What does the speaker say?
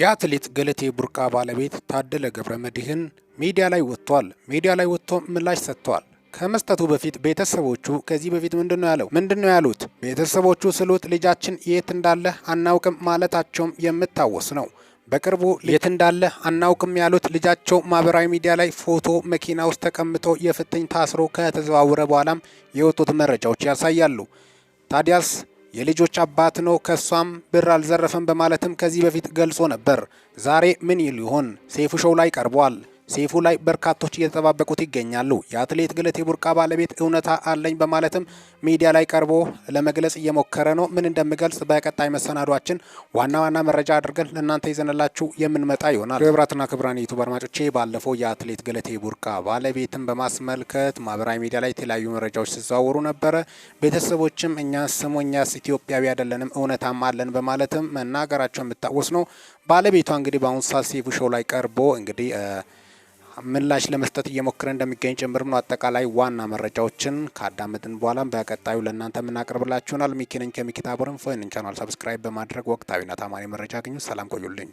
የአትሌት ገለቴ ቡርቃ ባለቤት ታደለ ገብረ መድህን ሚዲያ ላይ ወጥቷል። ሚዲያ ላይ ወጥቶ ምላሽ ሰጥቷል። ከመስጠቱ በፊት ቤተሰቦቹ ከዚህ በፊት ምንድን ነው ያለው? ምንድን ነው ያሉት? ቤተሰቦቹ ስሉት ልጃችን የት እንዳለ አናውቅም ማለታቸውም የምታወስ ነው። በቅርቡ የት እንዳለ አናውቅም ያሉት ልጃቸው ማህበራዊ ሚዲያ ላይ ፎቶ መኪና ውስጥ ተቀምጦ የፍትኝ ታስሮ ከተዘዋወረ በኋላም የወጡት መረጃዎች ያሳያሉ። ታዲያስ የልጆች አባት ነው፣ ከሷም ብር አልዘረፈም በማለትም ከዚህ በፊት ገልጾ ነበር። ዛሬ ምን ይል ይሆን? ሰይፉ ሾው ላይ ቀርቧል። ሰይፉ ላይ በርካቶች እየተጠባበቁት ይገኛሉ። የአትሌት ገለቴ ቡርቃ ባለቤት እውነታ አለኝ በማለትም ሚዲያ ላይ ቀርቦ ለመግለጽ እየሞከረ ነው። ምን እንደሚገልጽ በቀጣይ መሰናዷችን ዋና ዋና መረጃ አድርገን ለእናንተ ይዘንላችሁ የምንመጣ ይሆናል። ክቡራትና ክቡራን ዩቱብ አድማጮቼ ባለፈው የአትሌት ገለቴ ቡርቃ ባለቤትን በማስመልከት ማህበራዊ ሚዲያ ላይ የተለያዩ መረጃዎች ሲዘዋወሩ ነበረ። ቤተሰቦችም እኛ ስሙ እኛስ ኢትዮጵያዊ አይደለንም እውነታም አለን በማለትም መናገራቸው የምታወስ ነው። ባለቤቷ እንግዲህ በአሁኑ ሰዓት ሰይፉ ሾው ላይ ቀርቦ እንግዲህ ምላሽ ለመስጠት እየሞከረ እንደሚገኝ ጭምርም ነው። አጠቃላይ ዋና መረጃዎችን ካዳመጥን በኋላም በቀጣዩ ለእናንተ የምናቀርብላችሁናል። ከሚኪታ ከሚኪታቦርን ፎይንን ቻናል ሰብስክራይብ በማድረግ ወቅታዊና ታማኝ መረጃ አግኙ። ሰላም ቆዩልኝ።